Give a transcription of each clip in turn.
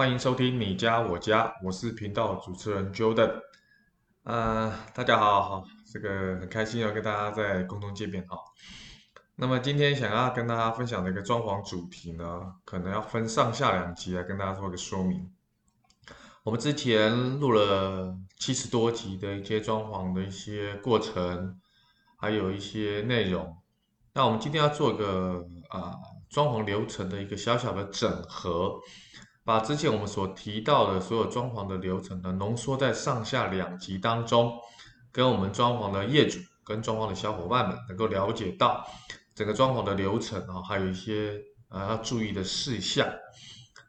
歡迎收聽你家我家，我是頻道主持人 Jordan。呃，大家好，這個很開心要跟大家在共同見面啊，哦。那麼今天想要跟大家分享的一個裝潢主題呢，可能要分上下兩集來跟大家做一個說明。我們之前錄了七十多集的一些裝潢的一些過程，還有一些內容。那我們今天要做一個啊裝潢流程的一個小小的整合。把之前我們所提到的所有裝潢的流程呢，濃縮在上下兩集當中，跟我們裝潢的業主跟裝潢的小夥伴們能夠了解到整個裝潢的流程啊，哦，還有一些啊要注意的事項。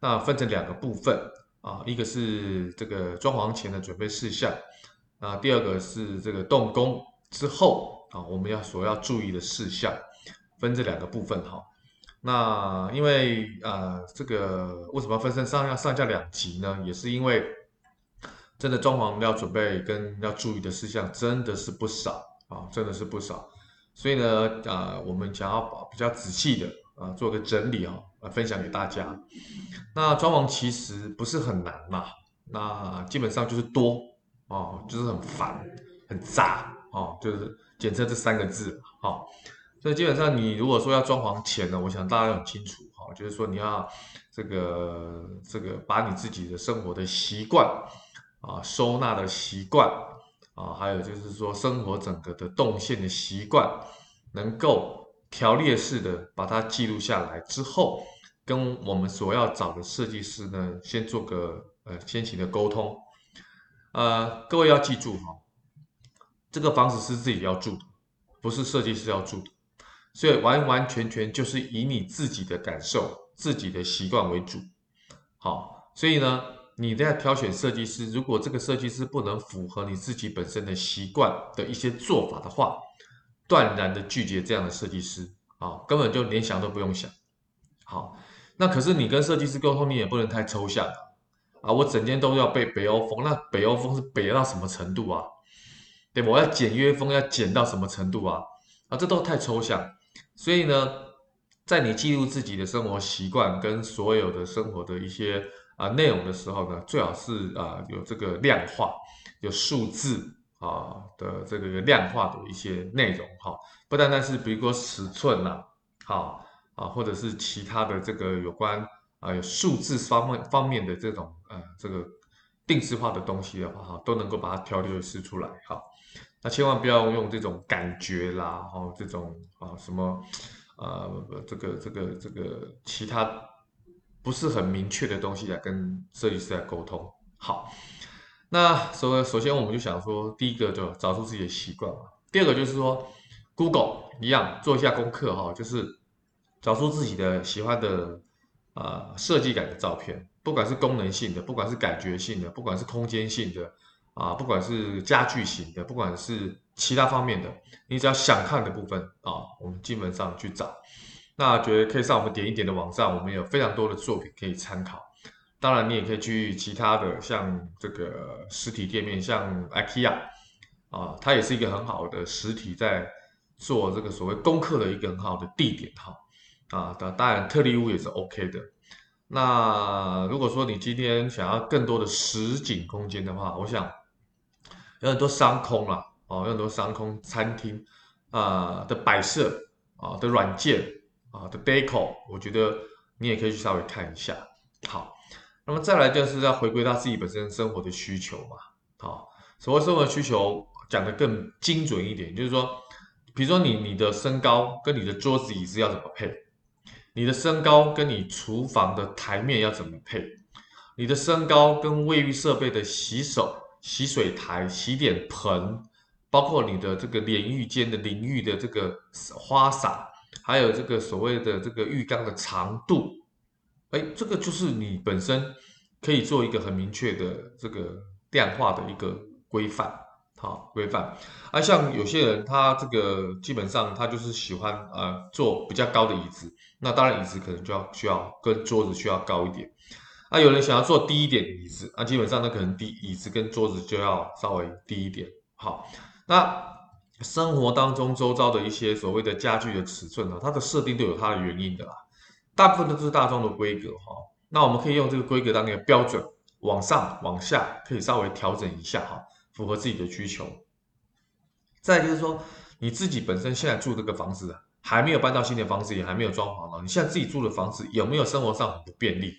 那分成兩個部分啊，一個是這個裝潢前的準備事項，那第二個是這個動工之後啊，我們要所要注意的事項，分這兩個部分哈。啊那因為啊、呃，這個為什麼要分身上要上下兩集呢？也是因為真的裝潢要準備跟要注意的事項真的是不少啊、哦，真的是不少，所以呢，呃、我們想要把比較仔細的啊、呃、做個整理啊、哦，啊分享給大家。那裝潢其實不是很難嘛，那基本上就是多、哦、就是很煩、很雜、哦、就是檢測這三個字啊。哦所以基本上，你如果說要裝潢前呢，我想大家很清楚哈、哦，就是說你要這個這個把你自己的生活的習慣啊、收納的習慣啊，還有就是說生活整個的動線的習慣，能夠條列式的把它記錄下來之後，跟我們所要找的設計師呢，先做個呃先行的溝通。呃，各位要記住哈、哦，這個房子是自己要住的，不是設計師要住的。所以完完全全就是以你自己的感受、自己的習慣為主。好，所以呢，你在挑選設計師，如果這個設計師不能符合你自己本身的習慣的一些做法的話，斷然的拒絕這樣的設計師啊，根本就連想都不用想。好，那可是你跟設計師溝通，你也不能太抽象啊。我整天都要被北歐風，那北歐風是北到什麼程度啊？對，我要簡約風，要簡到什麼程度啊？啊，這都太抽象。所以呢，在你記錄自己的生活習慣跟所有的生活的一些啊、呃、內容的時候呢，最好是啊、呃、有這個量化、有數字啊、哦、的這個量化的一些內容哈、哦，不單單是比如說尺寸吶、啊，好、哦、啊，或者是其他的這個有關啊、呃、有數字方面方面的這種啊、呃、這個定制化的東西的話哈，都能夠把它調理的出來哈。哦那千萬不要用這種感覺啦，哦，這種啊什麼，呃，這個這個這個其他不是很明確的東西來跟設計師來溝通。好，那首首先我們就想說，第一個就找出自己的習慣嘛。第二個就是說，Google 一樣做一下功課哈、哦，就是找出自己的喜歡的啊、呃、設計感的照片，不管是功能性的，不管是感覺性的，不管是空間性的。啊，不管是家具型的，不管是其他方面的，你只要想看的部分啊，我們基本上去找。那覺得可以上我們點一點的網站，我們有非常多的作品可以參考。當然，你也可以去其他的，像這個實體店面，像 IKEA 啊，它也是一個很好的實體在做這個所謂功課的一個很好的地點哈。啊，當當然特力屋也是 OK 的。那如果說你今天想要更多的實景空間的話，我想。有很多商空啦、啊，哦，有很多商空餐廳，啊、呃、的擺設啊的軟件啊、呃、的 deco，我覺得你也可以去稍微看一下。好，那麼再來就是要回歸到自己本身生活的需求嘛。好、哦，所謂生活的需求講得更精準一點，就是說，比如說你你的身高跟你的桌子椅子要怎麼配，你的身高跟你廚房的台面要怎麼配，你的身高跟衛浴設備的洗手。洗水台、洗臉盆，包括你的這個淋浴間的淋浴的這個花灑，還有這個所謂的這個浴缸的長度，哎、欸，這個就是你本身可以做一個很明確的這個量化的一個規範，好，規範。啊，像有些人他這個基本上他就是喜歡呃坐比較高的椅子，那當然椅子可能就要需要跟桌子需要高一點。那有人想要坐低一點椅子，那、啊、基本上呢，可能低椅子跟桌子就要稍微低一點。好，那生活當中周遭的一些所謂的家具的尺寸呢，它的設定都有它的原因的啦。大部分都是大眾的規格哈、哦。那我們可以用這個規格當你的標準，往上往下，可以稍微調整一下哈、哦，符合自己的需求。再來就是說，你自己本身現在住這個房子啊，還沒有搬到新的房子，也還沒有裝潢了，你現在自己住的房子，有沒有生活上很不便利？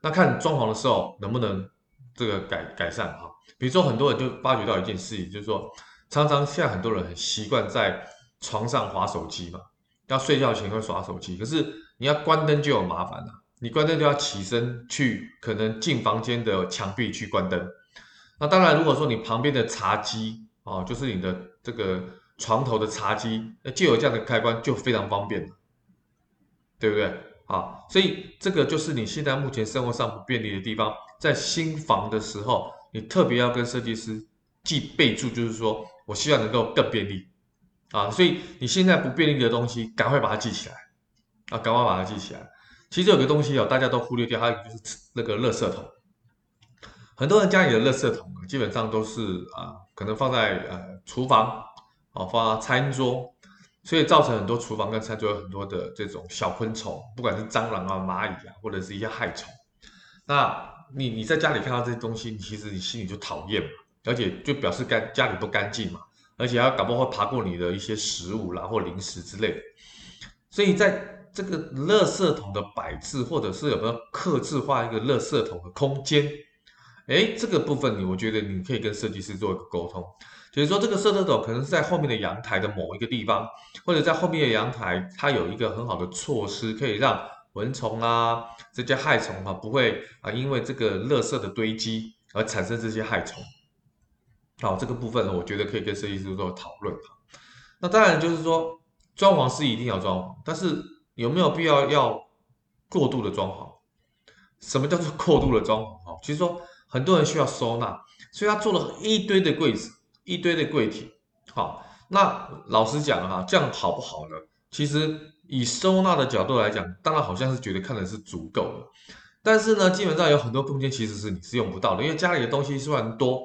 那看裝潢的時候能不能這個改改善哈？比如說很多人就發覺到一件事情，就是說，常常現在很多人很習慣在床上滑手機嘛，要睡覺前會耍手機，可是你要關燈就有麻煩了，你關燈就要起身去可能進房間的牆壁去關燈。那當然，如果說你旁邊的茶几啊，就是你的這個床頭的茶幾，那就有這樣的開關就非常方便，對不對？啊，所以這個就是你現在目前生活上不便利的地方，在新房的時候，你特別要跟設計師記備註，就是說我希望能夠更便利，啊，所以你現在不便利的東西，趕快把它記起來，啊，趕快把它記起來。其實有個東西哦，大家都忽略掉，還有就是那個垃圾桶，很多人家裡的垃圾桶基本上都是啊，可能放在呃廚房，哦、啊，放在餐桌。所以造成很多廚房跟餐桌有很多的這種小昆蟲，不管是蟑螂啊、螞蟻啊，或者是一些害蟲。那你你在家裡看到這些東西，你其實你心裡就討厭嘛，而且就表示干家裡不乾淨嘛，而且要搞不好爬過你的一些食物，然後零食之類的。所以在這個垃圾桶的擺置，或者是有沒有客製化一個垃圾桶的空間，哎，這個部分你我覺得你可以跟設計師做一個溝通。比如說，這個垃圾桶可能是在後面的陽台的某一個地方，或者在後面的陽台，它有一個很好的措施，可以讓蚊蟲啊這些害蟲啊不會啊因為這個垃圾的堆積而產生這些害蟲。好、哦，這個部分呢，我覺得可以跟設計師做討論。那當然就是說，裝潢是一定要裝潢，但是有沒有必要要過度的裝潢？什麼叫做過度的裝潢啊？其實說很多人需要收納，所以他做了一堆的櫃子。一堆的櫃體，好，那老實講哈、啊，這樣好不好呢？其實以收納的角度來講，當然好像是覺得看得是足夠的，但是呢，基本上有很多空間其實是你是用不到的，因為家裡的東西雖然多，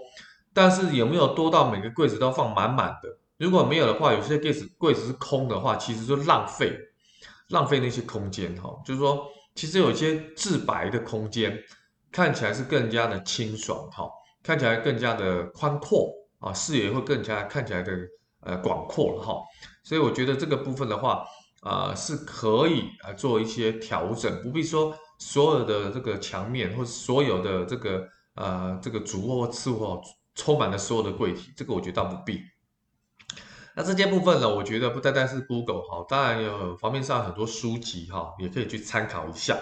但是有沒有多到每個櫃子都放滿滿的？如果沒有的話，有些櫃子櫃子是空的話，其實就浪費浪費那些空間哈、哦。就是說，其實有一些自白的空間，看起來是更加的清爽哈、哦，看起來更加的寬闊。啊，視野會更加看起來的呃廣闊了哈，所以我覺得這個部分的話、呃，是可以做一些調整，不必說所有的這個牆面或者所有的這個、呃、這個主臥或次臥充滿了所有的櫃體，這個我覺得倒不必。那這些部分呢，我覺得不單單是 Google 哈，當然有方面上很多書籍哈，也可以去參考一下。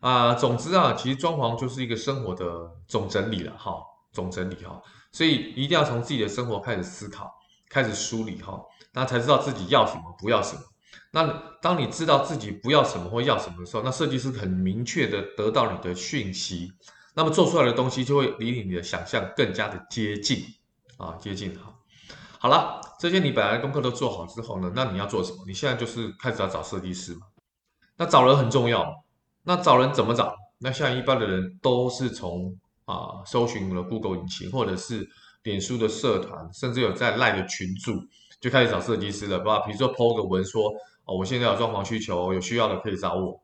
啊、呃，總之啊，其實裝潢就是一個生活的總整理了哈，總整理哈。所以一定要從自己的生活開始思考，開始梳理哈、哦，那才知道自己要什麼不要什麼。那當你知道自己不要什麼或要什麼的時候，那設計師很明確的得到你的訊息，那麼做出來的東西就會離你的想象更加的接近啊，接近哈。好了，這些你本來功課都做好之後呢，那你要做什麼？你現在就是開始要找設計師嘛。那找人很重要，那找人怎麼找？那像一般的人都是從。啊，搜尋了 Google 引擎，或者是臉書的社團，甚至有在 Line 的群組，就開始找設計師了。包括比如說 PO 個文說，哦，我現在有裝潢需求，有需要的可以找我。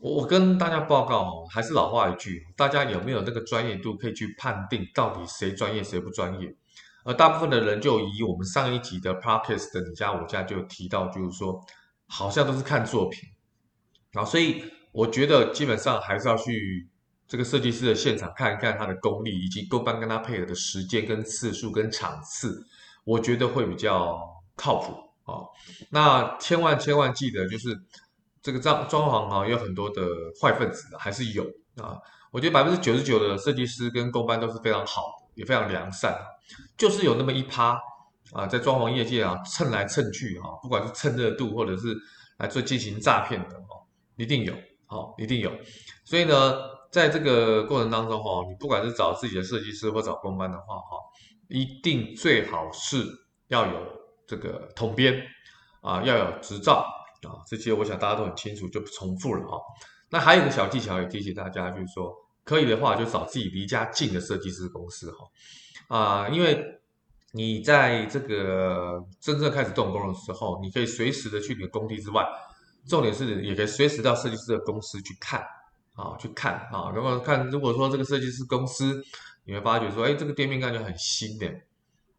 我我跟大家報告哦，還是老話一句，大家有沒有那個專業度可以去判定，到底誰專業誰不專業？而大部分的人就以我們上一集的 Podcast 的你家我家就提到，就是說好像都是看作品，然、啊、後所以我覺得基本上還是要去。這個設計師的現場看一看他的功力，以及工班跟他配合的時間跟次數跟場次，我覺得會比較靠譜啊、哦。那千萬千萬記得，就是這個裝裝潢啊，有很多的壞分子、啊、還是有啊。我覺得百分之九十九的設計師跟工班都是非常好的，也非常良善，就是有那麼一趴啊，在裝潢業界啊，蹭來蹭去啊，不管是蹭熱度或者是來做進行詐騙的、啊、一定有、啊、一定有。所以呢。在這個過程當中哈，你不管是找自己的設計師或找工班的話哈，一定最好是要有這個統編啊，要有執照啊，這些我想大家都很清楚，就不重複了哈。那還有個小技巧也提醒大家，就是說可以的話就找自己離家近的設計師公司哈，啊，因為你在這個真正開始動工的時候，你可以隨時的去你的工地之外，重點是也可以隨時到設計師的公司去看。啊，去看啊，如果看，如果說這個設計師公司，你會發覺說，哎，這個店面感覺很新的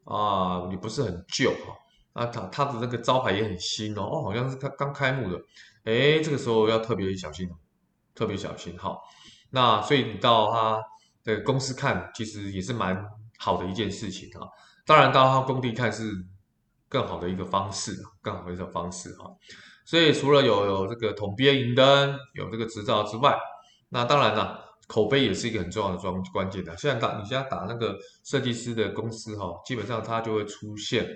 啊，你不是很舊哈，啊，他他的那個招牌也很新哦，哦，好像是他剛開幕的，哎，這個時候要特別小心，特別小心哈。那所以你到他的公司看，其實也是蠻好的一件事情啊。當然，到他工地看是更好的一個方式，更好的一個方式哈。所以除了有有這個統編營登，有這個執照之外，那當然了，口碑也是一個很重要的裝關鍵的。像打你現在打那個設計師的公司哈、哦，基本上它就會出現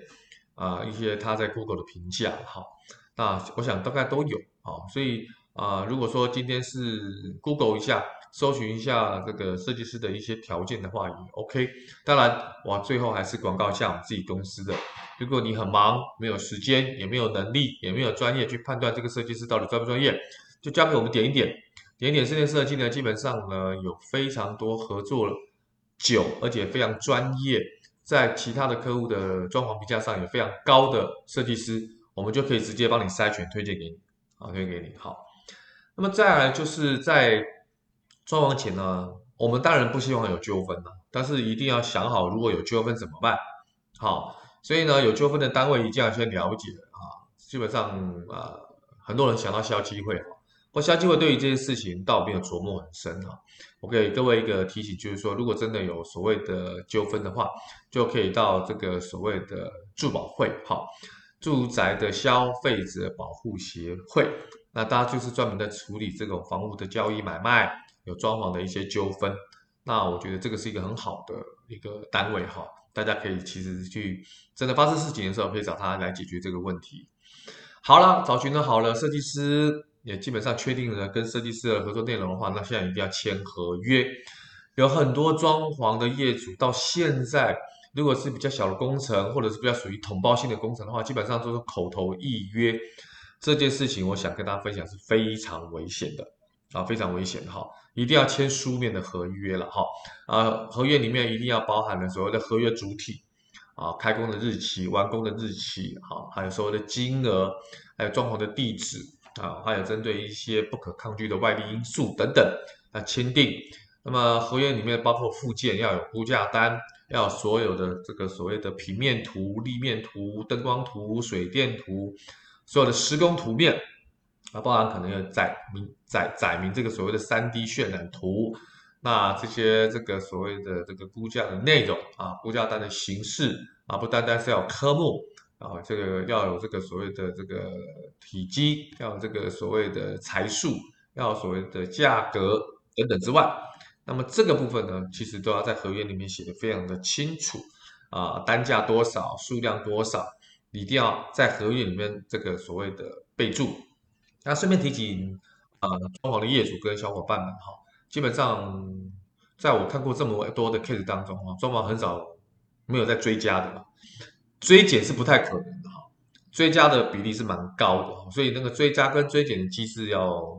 啊、呃、一些他在 Google 的評價哈。那我想大概都有啊、哦，所以啊、呃，如果說今天是 Google 一下，搜尋一下這個設計師的一些條件的話，也 OK。當然，哇，最後還是廣告一下我們自己公司的。如果你很忙，沒有時間，也沒有能力，也沒有專業去判斷這個設計師到底專不專業，就交給我們點一點。點點室內設計呢，基本上呢，有非常多合作了久，而且非常專業，在其他的客戶的裝潢評價上有非常高的設計師，我們就可以直接幫你篩選推薦給你，好，推薦給你。好，那麼再來就是在裝潢前呢，我們當然不希望有糾紛了、啊，但是一定要想好如果有糾紛怎麼辦。好，所以呢，有糾紛的單位一定要先了解啊，基本上啊、呃、很多人想到消基會。我夏金會對於這件事情倒並沒有琢磨很深哈、啊，我給各位一個提醒，就是說，如果真的有所謂的糾紛的話，就可以到這個所謂的住保會，哈，住宅的消費者保護協會。那大家就是專門在處理這種房屋的交易買賣、有裝潢的一些糾紛。那我覺得這個是一個很好的一個單位，哈，大家可以其實去真的發生事情的時候，可以找他來解決這個問題。好了，找尋的好了，設計師。也基本上確定了跟設計師的合作內容的話，那現在一定要簽合約。有很多裝潢的業主到現在，如果是比較小的工程，或者是比較屬於統包性的工程的話，基本上都是口頭預約。這件事情我想跟大家分享是非常危險的啊，非常危險哈！一定要簽書面的合約了哈。啊，合約裡面一定要包含了所有的合約主體啊，開工的日期、完工的日期哈，還有所有的金額，還有裝潢的地址。啊，還有針對一些不可抗拒的外力因素等等，啊，簽訂，那麼合約裡面包括附件要有估價單，要有所有的這個所謂的平面圖、立面圖、燈光圖、水電圖，所有的施工圖面，啊，包含可能要載明載載明這個所謂的三 D 渲染圖，那這些這個所謂的這個估價的內容啊，估價單的形式啊，不單單是要有科目。啊、哦，這個要有這個所謂的這個體積，要有這個所謂的材數，要有所謂的價格等等之外，那麼這個部分呢，其實都要在合約裡面寫得非常的清楚啊、呃，單價多少，數量多少，你一定要在合約裡面這個所謂的備注。那順便提醒啊，裝、呃、潢的業主跟小伙伴們哈、哦，基本上在我看過這麼多的 case 當中啊，裝潢很少沒有在追加的嘛。追減是不太可能的哈，追加的比例是蠻高的，所以那個追加跟追減的機制要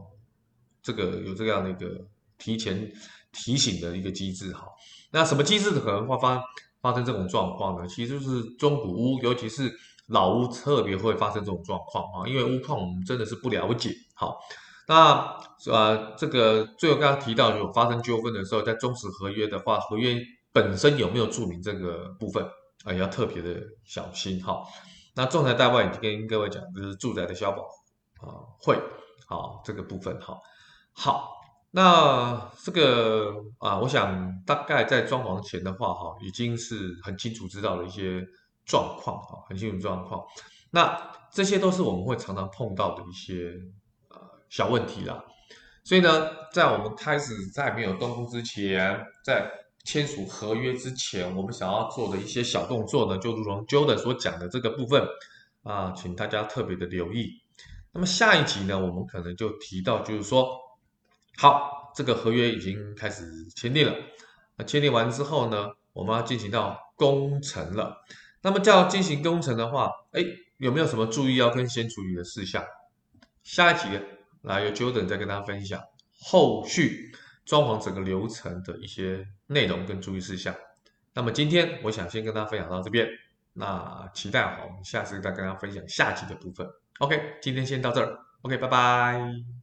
這個有這樣的一個提前提醒的一個機制哈。那什麼機制可能會發發生這種狀況呢？其實就是中古屋，尤其是老屋特別會發生這種狀況啊，因為屋況我們真的是不了解。好，那呃這個最後剛剛提到有發生糾紛的時候，在終止合約的話，合約本身有沒有註明這個部分？啊，也要特別的小心哈。那仲裁代辦已經跟各位講，就是住宅的消保啊、呃、會，好、哦、這個部分哈。好，那這個啊，我想大概在裝潢前的話哈，已經是很清楚知道了一些狀況啊，很清楚狀況。那這些都是我們會常常碰到的一些呃小問題啦。所以呢，在我們開始在沒有動工之前，在簽署合約之前，我們想要做的一些小動作呢，就如同 Jordan 所講的這個部分啊，請大家特別的留意。那麼下一集呢，我們可能就提到，就是說，好，這個合約已經開始簽訂了。那簽訂完之後呢，我們要進行到工程了。那麼就要進行工程的話，哎，有沒有什麼注意要跟先處理的事項？下一集呢來由 Jordan 再跟大家分享後續。裝潢整個流程的一些內容跟注意事項。那麼今天我想先跟大家分享到這邊，那期待好，我們下次再跟大家分享下集的部分。OK，今天先到這兒。OK，拜拜。